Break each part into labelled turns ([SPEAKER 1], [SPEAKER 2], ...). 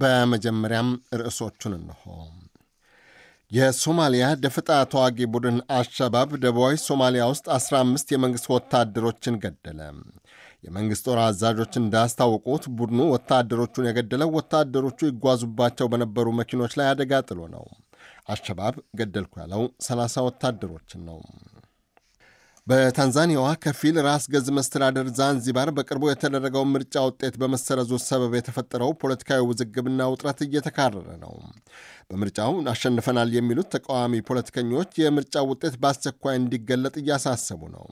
[SPEAKER 1] በመጀመሪያም ርዕሶቹን እንሆ። የሶማሊያ ደፈጣ ተዋጊ ቡድን አልሸባብ ደቡባዊ ሶማሊያ ውስጥ 15 የመንግሥት ወታደሮችን ገደለ። የመንግሥት ጦር አዛዦች እንዳስታወቁት ቡድኑ ወታደሮቹን የገደለው ወታደሮቹ ይጓዙባቸው በነበሩ መኪኖች ላይ አደጋ ጥሎ ነው። አልሸባብ ገደልኩ ያለው 30 ወታደሮችን ነው። በታንዛኒያዋ ከፊል ራስ ገዝ መስተዳደር ዛንዚባር በቅርቡ የተደረገው ምርጫ ውጤት በመሰረዙ ሰበብ የተፈጠረው ፖለቲካዊ ውዝግብና ውጥረት እየተካረረ ነው። በምርጫው አሸንፈናል የሚሉት ተቃዋሚ ፖለቲከኞች የምርጫው ውጤት በአስቸኳይ እንዲገለጥ እያሳሰቡ ነው።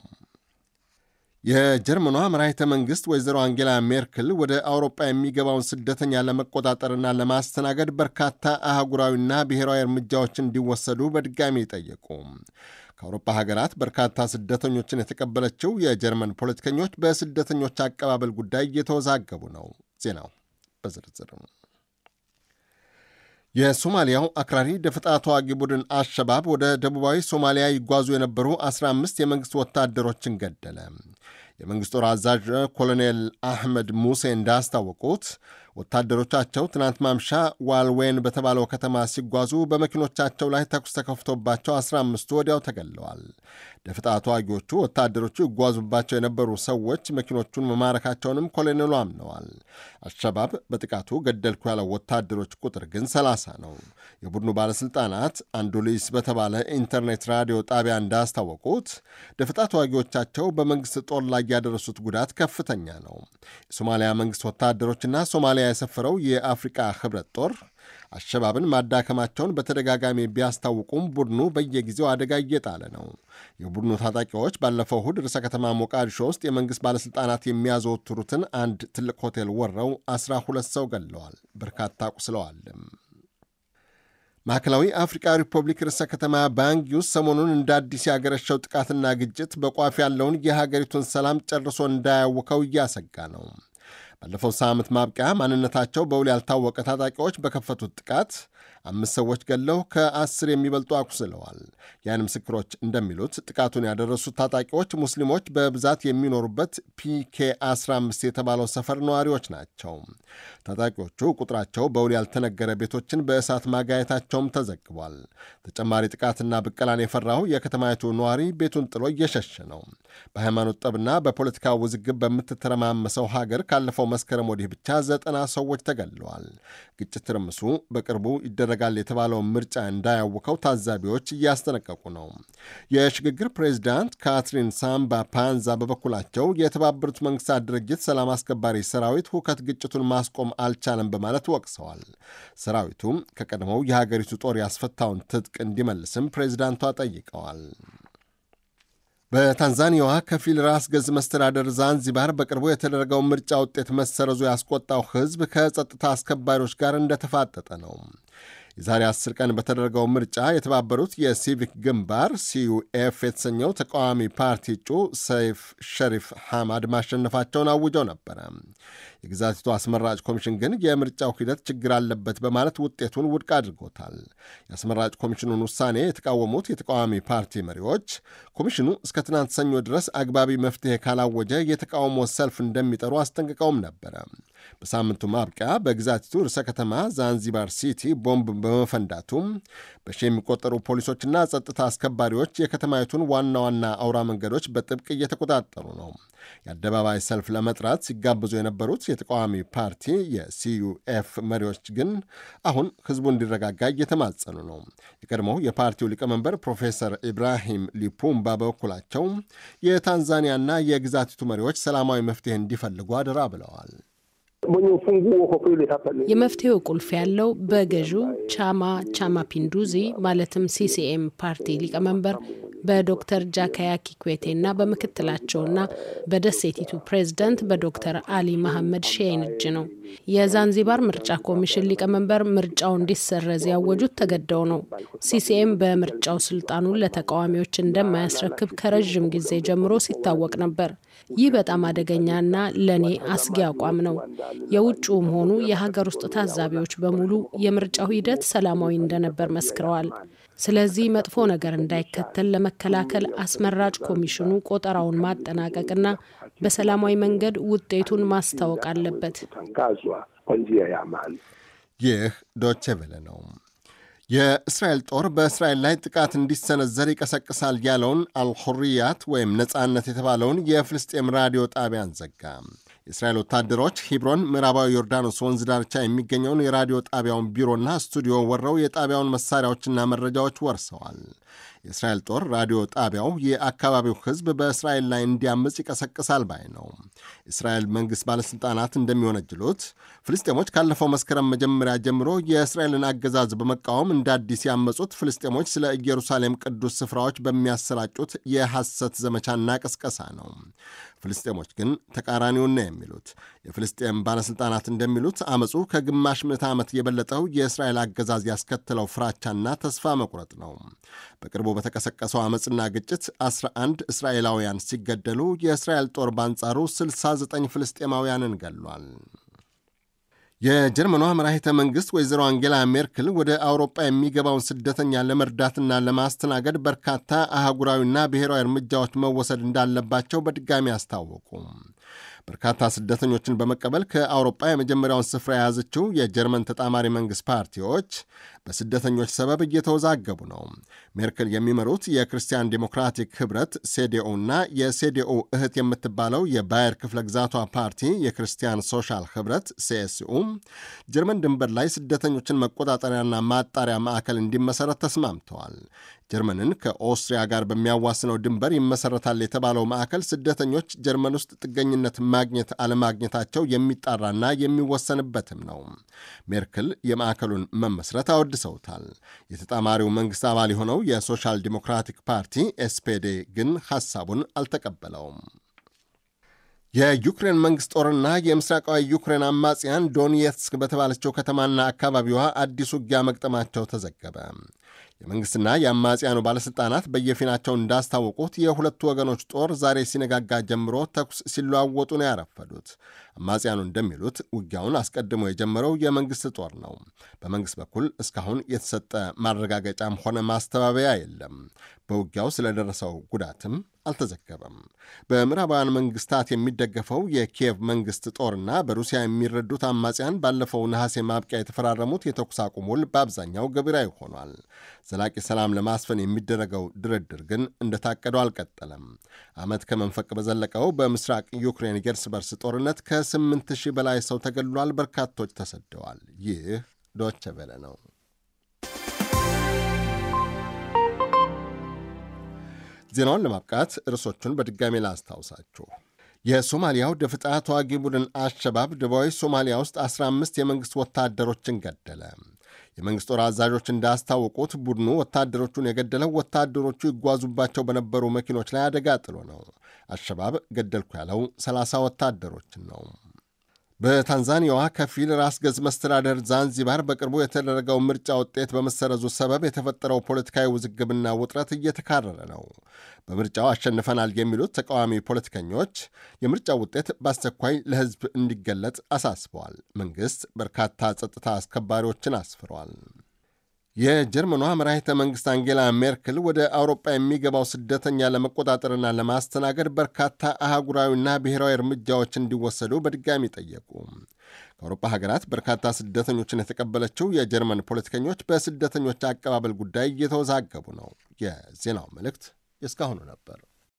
[SPEAKER 1] የጀርመኗ መራሒተ መንግሥት ወይዘሮ አንጌላ ሜርክል ወደ አውሮጳ የሚገባውን ስደተኛ ለመቆጣጠርና ለማስተናገድ በርካታ አህጉራዊና ብሔራዊ እርምጃዎች እንዲወሰዱ በድጋሚ ጠየቁ። ከአውሮፓ ሀገራት በርካታ ስደተኞችን የተቀበለችው የጀርመን ፖለቲከኞች በስደተኞች አቀባበል ጉዳይ እየተወዛገቡ ነው። ዜናው በዝርዝር የሶማሊያው አክራሪ ደፈጣ ተዋጊ ቡድን አሸባብ ወደ ደቡባዊ ሶማሊያ ይጓዙ የነበሩ 15 የመንግሥት ወታደሮችን ገደለ። የመንግስት ጦር አዛዥ ኮሎኔል አህመድ ሙሴ እንዳስታወቁት ወታደሮቻቸው ትናንት ማምሻ ዋልዌን በተባለው ከተማ ሲጓዙ በመኪኖቻቸው ላይ ተኩስ ተከፍቶባቸው 15ቱ ወዲያው ተገለዋል። ደፍጣ ተዋጊዎቹ ወታደሮቹ ይጓዙባቸው የነበሩ ሰዎች መኪኖቹን መማረካቸውንም ኮሎኔሉ አምነዋል። አልሸባብ በጥቃቱ ገደልኩ ያለው ወታደሮች ቁጥር ግን 30 ነው። የቡድኑ ባለሥልጣናት አንዱሊስ በተባለ ኢንተርኔት ራዲዮ ጣቢያ እንዳስታወቁት ደፍጣ ተዋጊዎቻቸው በመንግሥት ጦር ላይ ያደረሱት ጉዳት ከፍተኛ ነው። የሶማሊያ መንግሥት ወታደሮችና ሶማሊያ ያሰፈረው የአፍሪቃ ህብረት ጦር አሸባብን ማዳከማቸውን በተደጋጋሚ ቢያስታውቁም ቡድኑ በየጊዜው አደጋ እየጣለ ነው። የቡድኑ ታጣቂዎች ባለፈው እሁድ ርዕሰ ከተማ ሞቃዲሾ ውስጥ የመንግሥት ባለሥልጣናት የሚያዘወትሩትን አንድ ትልቅ ሆቴል ወረው ሁለት ሰው ገለዋል፣ በርካታ ቁስለዋልም። ማዕከላዊ አፍሪካ ሪፐብሊክ ርዕሰ ከተማ ባንጊ ውስጥ ሰሞኑን እንደ አዲስ ያገረሸው ጥቃትና ግጭት በቋፍ ያለውን የሀገሪቱን ሰላም ጨርሶ እንዳያውከው እያሰጋ ነው። ባለፈው ሳምንት ማብቂያ ማንነታቸው በውል ያልታወቀ ታጣቂዎች በከፈቱት ጥቃት አምስት ሰዎች ገለው ከአስር የሚበልጡ አቁስለዋል። የዓይን ምስክሮች እንደሚሉት ጥቃቱን ያደረሱት ታጣቂዎች ሙስሊሞች በብዛት የሚኖሩበት ፒኬ 15 የተባለው ሰፈር ነዋሪዎች ናቸው። ታጣቂዎቹ ቁጥራቸው በውል ያልተነገረ ቤቶችን በእሳት ማጋየታቸውም ተዘግቧል። ተጨማሪ ጥቃትና ብቀላን የፈራው የከተማይቱ ነዋሪ ቤቱን ጥሎ እየሸሸ ነው። በሃይማኖት ጠብና በፖለቲካ ውዝግብ በምትተረማመሰው ሀገር ካለፈው ካለፈው መስከረም ወዲህ ብቻ ዘጠና ሰዎች ተገድለዋል። ግጭት ትርምሱ በቅርቡ ይደረጋል የተባለውን ምርጫ እንዳያውከው ታዛቢዎች እያስጠነቀቁ ነው። የሽግግር ፕሬዚዳንት ካትሪን ሳምባ ፓንዛ በበኩላቸው የተባበሩት መንግስታት ድርጅት ሰላም አስከባሪ ሰራዊት ሁከት ግጭቱን ማስቆም አልቻለም በማለት ወቅሰዋል። ሰራዊቱ ከቀድሞው የሀገሪቱ ጦር ያስፈታውን ትጥቅ እንዲመልስም ፕሬዚዳንቷ ጠይቀዋል። በታንዛኒያዋ ከፊል ራስ ገዝ መስተዳደር ዛንዚባር በቅርቡ የተደረገው ምርጫ ውጤት መሰረዙ ያስቆጣው ሕዝብ ከጸጥታ አስከባሪዎች ጋር እንደተፋጠጠ ነው። የዛሬ 10 ቀን በተደረገው ምርጫ የተባበሩት የሲቪክ ግንባር ሲዩኤፍ የተሰኘው ተቃዋሚ ፓርቲ እጩ ሰይፍ ሸሪፍ ሐማድ ማሸነፋቸውን አውጀው ነበረ። የግዛቲቱ አስመራጭ ኮሚሽን ግን የምርጫው ሂደት ችግር አለበት በማለት ውጤቱን ውድቅ አድርጎታል። የአስመራጭ ኮሚሽኑን ውሳኔ የተቃወሙት የተቃዋሚ ፓርቲ መሪዎች ኮሚሽኑ እስከ ትናንት ሰኞ ድረስ አግባቢ መፍትሄ ካላወጀ የተቃውሞ ሰልፍ እንደሚጠሩ አስጠንቅቀውም ነበረ። በሳምንቱ ማብቂያ በግዛቲቱ ርዕሰ ከተማ ዛንዚባር ሲቲ ቦምብ በመፈንዳቱም በሺ የሚቆጠሩ ፖሊሶችና ጸጥታ አስከባሪዎች የከተማይቱን ዋና ዋና አውራ መንገዶች በጥብቅ እየተቆጣጠሩ ነው። የአደባባይ ሰልፍ ለመጥራት ሲጋብዙ የነበሩት የተቃዋሚ ፓርቲ የሲዩኤፍ መሪዎች ግን አሁን ህዝቡ እንዲረጋጋ እየተማጸኑ ነው። የቀድሞው የፓርቲው ሊቀመንበር ፕሮፌሰር ኢብራሂም ሊፑምባ በበኩላቸው የታንዛኒያና የግዛቲቱ መሪዎች ሰላማዊ መፍትሄ እንዲፈልጉ አደራ ብለዋል። የመፍትሄው ቁልፍ ያለው በገዢው ቻማ ቻማ ፒንዱዚ ማለትም ሲሲኤም ፓርቲ ሊቀመንበር በዶክተር ጃካያ ኪኩዌቴና በምክትላቸውና በደሴቲቱ ፕሬዝደንት በዶክተር አሊ መሐመድ ሼን እጅ ነው። የዛንዚባር ምርጫ ኮሚሽን ሊቀመንበር ምርጫው እንዲሰረዝ ያወጁት ተገደው ነው። ሲሲኤም በምርጫው ስልጣኑን ለተቃዋሚዎች እንደማያስረክብ ከረዥም ጊዜ ጀምሮ ሲታወቅ ነበር። ይህ በጣም አደገኛና ለእኔ አስጊ አቋም ነው። የውጭውም ሆኑ የሀገር ውስጥ ታዛቢዎች በሙሉ የምርጫው ሂደት ሰላማዊ እንደነበር መስክረዋል። ስለዚህ መጥፎ ነገር እንዳይከተል ለመከላከል አስመራጭ ኮሚሽኑ ቆጠራውን ማጠናቀቅና በሰላማዊ መንገድ ውጤቱን ማስታወቅ አለበት። ይህ ዶቼ ቬለ ነው። የእስራኤል ጦር በእስራኤል ላይ ጥቃት እንዲሰነዘር ይቀሰቅሳል ያለውን አልሁርያት ወይም ነፃነት የተባለውን የፍልስጤም ራዲዮ ጣቢያን ዘጋ። የእስራኤል ወታደሮች ሂብሮን፣ ምዕራባዊ ዮርዳኖስ ወንዝ ዳርቻ የሚገኘውን የራዲዮ ጣቢያውን ቢሮና ስቱዲዮ ወረው የጣቢያውን መሳሪያዎችና መረጃዎች ወርሰዋል። የእስራኤል ጦር ራዲዮ ጣቢያው የአካባቢው ሕዝብ በእስራኤል ላይ እንዲያምፅ ይቀሰቅሳል ባይ ነው። እስራኤል መንግሥት ባለሥልጣናት እንደሚወነጅሉት ፍልስጤሞች ካለፈው መስከረም መጀመሪያ ጀምሮ የእስራኤልን አገዛዝ በመቃወም እንደ አዲስ ያመጹት ፍልስጤሞች ስለ ኢየሩሳሌም ቅዱስ ስፍራዎች በሚያሰራጩት የሐሰት ዘመቻና ቅስቀሳ ነው። ፍልስጤሞች ግን ተቃራኒውን ነው የሚሉት። የፍልስጤም ባለሥልጣናት እንደሚሉት አመፁ ከግማሽ ምዕተ ዓመት የበለጠው የእስራኤል አገዛዝ ያስከተለው ፍራቻና ተስፋ መቁረጥ ነው። በቅርቡ በተቀሰቀሰው አመፅና ግጭት 11 እስራኤላውያን ሲገደሉ የእስራኤል ጦር በአንጻሩ 69 ፍልስጤማውያንን ገሏል። የጀርመኗ መራሒተ መንግሥት ወይዘሮ አንጌላ ሜርክል ወደ አውሮጳ የሚገባውን ስደተኛ ለመርዳትና ለማስተናገድ በርካታ አህጉራዊና ብሔራዊ እርምጃዎች መወሰድ እንዳለባቸው በድጋሚ አስታወቁ። በርካታ ስደተኞችን በመቀበል ከአውሮጳ የመጀመሪያውን ስፍራ የያዘችው የጀርመን ተጣማሪ መንግሥት ፓርቲዎች በስደተኞች ሰበብ እየተወዛገቡ ነው። ሜርክል የሚመሩት የክርስቲያን ዴሞክራቲክ ኅብረት ሴዲኦ እና የሴዲኦ እህት የምትባለው የባየር ክፍለ ግዛቷ ፓርቲ የክርስቲያን ሶሻል ኅብረት ሲኤስኡ ጀርመን ድንበር ላይ ስደተኞችን መቆጣጠሪያና ማጣሪያ ማዕከል እንዲመሠረት ተስማምተዋል። ጀርመንን ከኦስትሪያ ጋር በሚያዋስነው ድንበር ይመሰረታል የተባለው ማዕከል ስደተኞች ጀርመን ውስጥ ጥገኝነት ማግኘት አለማግኘታቸው የሚጣራና የሚወሰንበትም ነው። ሜርክል የማዕከሉን መመስረት አወድሰውታል። የተጣማሪው መንግስት አባል የሆነው የሶሻል ዲሞክራቲክ ፓርቲ ኤስፔዴ ግን ሐሳቡን አልተቀበለውም። የዩክሬን መንግሥት ጦርና የምስራቃዊ ዩክሬን አማጽያን ዶኔትስክ በተባለችው ከተማና አካባቢዋ አዲስ ውጊያ መግጠማቸው ተዘገበ። የመንግስትና የአማጽያኑ ባለሥልጣናት በየፊናቸው እንዳስታወቁት የሁለቱ ወገኖች ጦር ዛሬ ሲነጋጋ ጀምሮ ተኩስ ሲለዋወጡ ነው ያረፈዱት። አማጽያኑ እንደሚሉት ውጊያውን አስቀድሞ የጀመረው የመንግስት ጦር ነው። በመንግስት በኩል እስካሁን የተሰጠ ማረጋገጫም ሆነ ማስተባበያ የለም። በውጊያው ስለደረሰው ጉዳትም አልተዘገበም። በምዕራባውያን መንግስታት የሚደገፈው የኪየቭ መንግስት ጦርና በሩሲያ የሚረዱት አማጽያን ባለፈው ነሐሴ ማብቂያ የተፈራረሙት የተኩስ አቁም ውል በአብዛኛው ገቢራዊ ሆኗል። ዘላቂ ሰላም ለማስፈን የሚደረገው ድርድር ግን እንደታቀደው አልቀጠለም። ዓመት ከመንፈቅ በዘለቀው በምስራቅ ዩክሬን የእርስ በርስ ጦርነት ከ ከስምንት ሺህ በላይ ሰው ተገድሏል፣ በርካቶች ተሰደዋል። ይህ ዶቸ ቬለ ነው። ዜናውን ለማብቃት ርዕሶቹን በድጋሚ ላስታውሳችሁ። የሶማሊያው ደፍጣ ተዋጊ ቡድን አሸባብ ደቡባዊ ሶማሊያ ውስጥ 15 የመንግሥት ወታደሮችን ገደለ። የመንግስት ጦር አዛዦች እንዳስታወቁት ቡድኑ ወታደሮቹን የገደለው ወታደሮቹ ይጓዙባቸው በነበሩ መኪኖች ላይ አደጋ ጥሎ ነው። አሸባብ ገደልኩ ያለው 30 ወታደሮችን ነው። በታንዛኒያዋ ከፊል ራስ ገዝ መስተዳደር ዛንዚባር በቅርቡ የተደረገው ምርጫ ውጤት በመሰረዙ ሰበብ የተፈጠረው ፖለቲካዊ ውዝግብና ውጥረት እየተካረረ ነው። በምርጫው አሸንፈናል የሚሉት ተቃዋሚ ፖለቲከኞች የምርጫው ውጤት በአስቸኳይ ለሕዝብ እንዲገለጽ አሳስበዋል። መንግሥት በርካታ ጸጥታ አስከባሪዎችን አስፍሯል። የጀርመኗ መራሂተ መንግስት አንጌላ ሜርክል ወደ አውሮጳ የሚገባው ስደተኛ ለመቆጣጠርና ለማስተናገድ በርካታ አህጉራዊና ብሔራዊ እርምጃዎች እንዲወሰዱ በድጋሚ ጠየቁ። ከአውሮፓ ሀገራት በርካታ ስደተኞችን የተቀበለችው የጀርመን ፖለቲከኞች በስደተኞች አቀባበል ጉዳይ እየተወዛገቡ ነው። የዜናው መልእክት የእስካሁኑ ነበር።